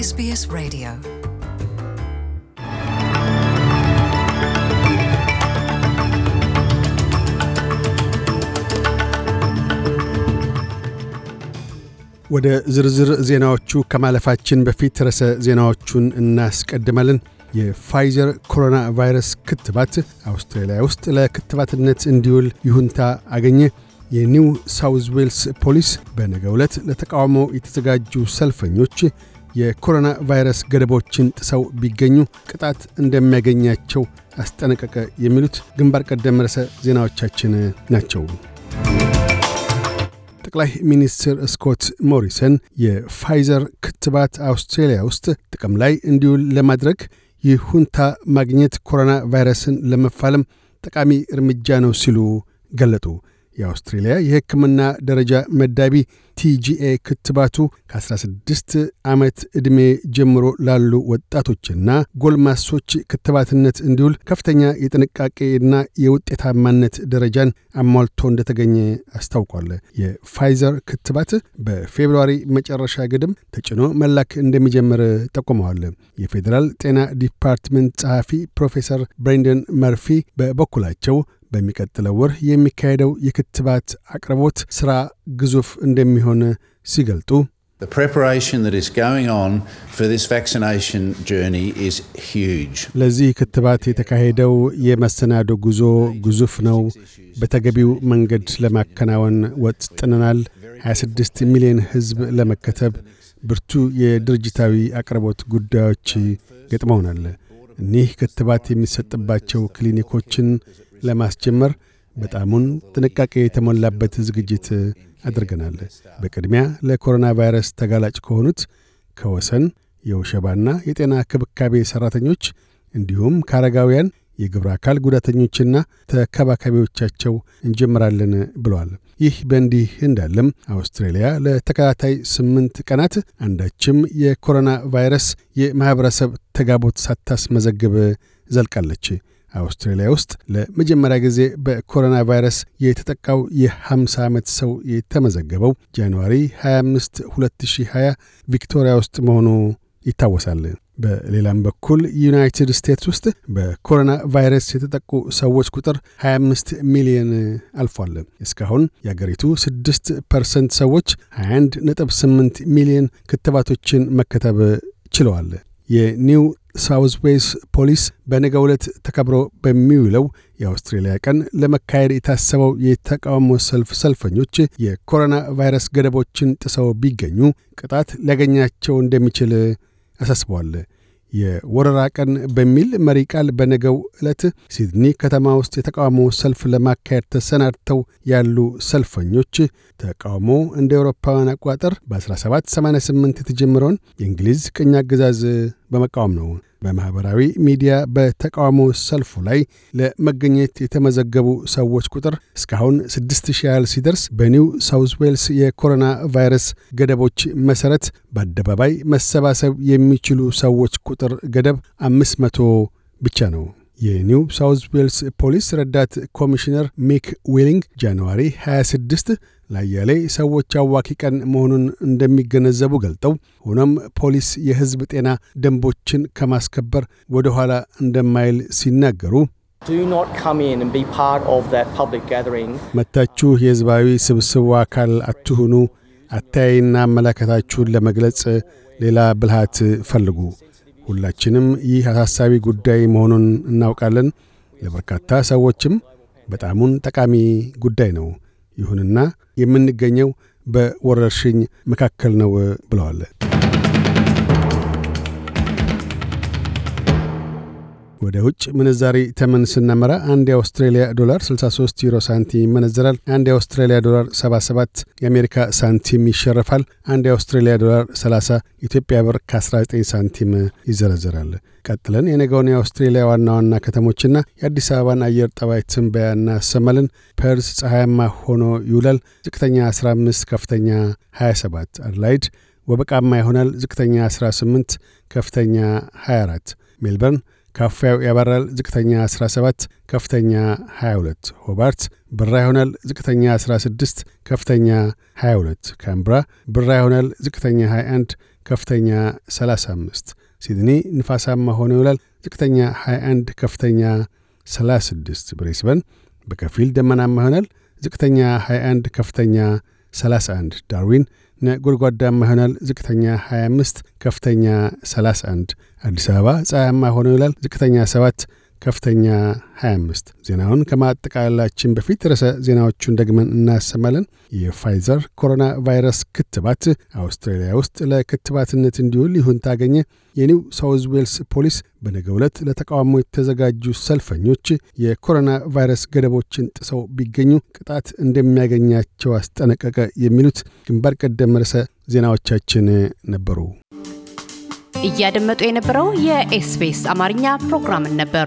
ኤስቢኤስ Radio. ወደ ዝርዝር ዜናዎቹ ከማለፋችን በፊት ርዕሰ ዜናዎቹን እናስቀድማለን። የፋይዘር ኮሮና ቫይረስ ክትባት አውስትራሊያ ውስጥ ለክትባትነት እንዲውል ይሁንታ አገኘ። የኒው ሳውዝ ዌልስ ፖሊስ በነገ ዕለት ለተቃውሞ የተዘጋጁ ሰልፈኞች የኮሮና ቫይረስ ገደቦችን ጥሰው ቢገኙ ቅጣት እንደሚያገኛቸው አስጠነቀቀ። የሚሉት ግንባር ቀደም ርዕሰ ዜናዎቻችን ናቸው። ጠቅላይ ሚኒስትር ስኮት ሞሪሰን የፋይዘር ክትባት አውስትሬልያ ውስጥ ጥቅም ላይ እንዲውል ለማድረግ ይሁንታ ማግኘት ኮሮና ቫይረስን ለመፋለም ጠቃሚ እርምጃ ነው ሲሉ ገለጡ። የአውስትሬልያ የሕክምና ደረጃ መዳቢ ቲጂኤ ክትባቱ ከ16 ዓመት ዕድሜ ጀምሮ ላሉ ወጣቶችና ጎልማሶች ክትባትነት እንዲውል ከፍተኛ የጥንቃቄና የውጤታማነት ደረጃን አሟልቶ እንደተገኘ አስታውቋል። የፋይዘር ክትባት በፌብርዋሪ መጨረሻ ግድም ተጭኖ መላክ እንደሚጀምር ጠቁመዋል። የፌዴራል ጤና ዲፓርትመንት ጸሐፊ ፕሮፌሰር ብሬንደን መርፊ በበኩላቸው በሚቀጥለው ወር የሚካሄደው የክትባት አቅርቦት ሥራ ግዙፍ እንደሚሆን ሲገልጡ The preparation that is going on for this vaccination journey is huge. ለዚህ ክትባት የተካሄደው የመሰናዶ ጉዞ ግዙፍ ነው። በተገቢው መንገድ ለማከናወን ወጥነናል። 26 ሚሊዮን ሕዝብ ለመከተብ ብርቱ የድርጅታዊ አቅርቦት ጉዳዮች ገጥመውናል። እኒህ ክትባት የሚሰጥባቸው ክሊኒኮችን ለማስጀመር በጣሙን ጥንቃቄ የተሞላበት ዝግጅት አድርገናል። በቅድሚያ ለኮሮና ቫይረስ ተጋላጭ ከሆኑት ከወሰን የውሸባና የጤና ክብካቤ ሠራተኞች እንዲሁም ከአረጋውያን የግብረ አካል ጉዳተኞችና ተከባካቢዎቻቸው እንጀምራለን ብለዋል። ይህ በእንዲህ እንዳለም አውስትራሊያ ለተከታታይ ስምንት ቀናት አንዳችም የኮሮና ቫይረስ የማኅበረሰብ ተጋቦት ሳታስመዘግብ ዘልቃለች። አውስትራሊያ ውስጥ ለመጀመሪያ ጊዜ በኮሮና ቫይረስ የተጠቃው የ50 ዓመት ሰው የተመዘገበው ጃንዋሪ 25 2020 ቪክቶሪያ ውስጥ መሆኑ ይታወሳል። በሌላም በኩል ዩናይትድ ስቴትስ ውስጥ በኮሮና ቫይረስ የተጠቁ ሰዎች ቁጥር 25 ሚሊዮን አልፏል። እስካሁን የአገሪቱ 6 ፐርሰንት ሰዎች 21.8 ሚሊዮን ክትባቶችን መከተብ ችለዋል። የኒው ሳውዝ ዌስ ፖሊስ በነገ ዕለት ተከብሮ በሚውለው የአውስትሬልያ ቀን ለመካሄድ የታሰበው የተቃውሞ ሰልፍ ሰልፈኞች የኮሮና ቫይረስ ገደቦችን ጥሰው ቢገኙ ቅጣት ሊያገኛቸው እንደሚችል አሳስበዋል። የወረራ ቀን በሚል መሪ ቃል በነገው ዕለት ሲድኒ ከተማ ውስጥ የተቃውሞ ሰልፍ ለማካሄድ ተሰናድተው ያሉ ሰልፈኞች ተቃውሞ እንደ አውሮፓውያን አቆጣጠር በ1788 የተጀመረውን የእንግሊዝ ቅኝ አገዛዝ በመቃወም ነው በማኅበራዊ ሚዲያ በተቃውሞ ሰልፉ ላይ ለመገኘት የተመዘገቡ ሰዎች ቁጥር እስካሁን ስድስት ሺህ ያህል ሲደርስ በኒው ሳውዝ ዌልስ የኮሮና ቫይረስ ገደቦች መሠረት በአደባባይ መሰባሰብ የሚችሉ ሰዎች ቁጥር ገደብ አምስት መቶ ብቻ ነው። የኒው ሳውዝ ዌልስ ፖሊስ ረዳት ኮሚሽነር ሚክ ዊሊንግ ጃንዋሪ 26 ላያሌ ሰዎች አዋኪ ቀን መሆኑን እንደሚገነዘቡ ገልጠው ሆኖም ፖሊስ የሕዝብ ጤና ደንቦችን ከማስከበር ወደ ኋላ እንደማይል ሲናገሩ መታችሁ የሕዝባዊ ስብስቡ አካል አትሁኑ። አታያይና አመለካከታችሁን ለመግለጽ ሌላ ብልሃት ፈልጉ። ሁላችንም ይህ አሳሳቢ ጉዳይ መሆኑን እናውቃለን። ለበርካታ ሰዎችም በጣሙን ጠቃሚ ጉዳይ ነው። ይሁንና የምንገኘው በወረርሽኝ መካከል ነው ብለዋል። ወደ ውጭ ምንዛሪ ተመን ስናመራ አንድ የአውስትሬሊያ ዶላር 63 ዩሮ ሳንቲም ይመነዘራል። አንድ የአውስትሬሊያ ዶላር 77 የአሜሪካ ሳንቲም ይሸረፋል። አንድ የአውስትሬሊያ ዶላር 30 ኢትዮጵያ ብር ከ19 ሳንቲም ይዘረዘራል። ቀጥለን የነገውን የአውስትሬሊያ ዋና ዋና ከተሞችና የአዲስ አበባን አየር ጠባይ ትንበያ እናሰማልን። ፐርስ ፀሐያማ ሆኖ ይውላል። ዝቅተኛ 15፣ ከፍተኛ 27። አድላይድ ወበቃማ ይሆናል። ዝቅተኛ 18፣ ከፍተኛ 24። ሜልበርን ካፋያው ያበራል ዝቅተኛ 17 ከፍተኛ 22። ሆባርት ብራ ይሆናል። ዝቅተኛ 16 ከፍተኛ 22። ካምብራ ብራ ይሆናል። ዝቅተኛ 21 ከፍተኛ 35። ሲድኒ ንፋሳማ ሆኖ ይውላል። ዝቅተኛ 21 ከፍተኛ 36። ብሬስበን በከፊል ደመናማ ይሆናል። ዝቅተኛ 21 ከፍተኛ 31 ዳርዊን ነጎድጓዳማ ይሆናል። ዝቅተኛ 25 ከፍተኛ 31 አዲስ አበባ ፀሐያማ ሆኖ ይውላል። ዝቅተኛ 7 ከፍተኛ 25። ዜናውን ከማጠቃላችን በፊት ርዕሰ ዜናዎቹን ደግመን እናሰማለን። የፋይዘር ኮሮና ቫይረስ ክትባት አውስትራሊያ ውስጥ ለክትባትነት እንዲውል ሊሁን ታገኘ የኒው ሳውዝ ዌልስ ፖሊስ በነገ ዕለት ለተቃውሞ የተዘጋጁ ሰልፈኞች የኮሮና ቫይረስ ገደቦችን ጥሰው ቢገኙ ቅጣት እንደሚያገኛቸው አስጠነቀቀ። የሚሉት ግንባር ቀደም ርዕሰ ዜናዎቻችን ነበሩ። እያደመጡ የነበረው የኤስቢኤስ አማርኛ ፕሮግራምን ነበር።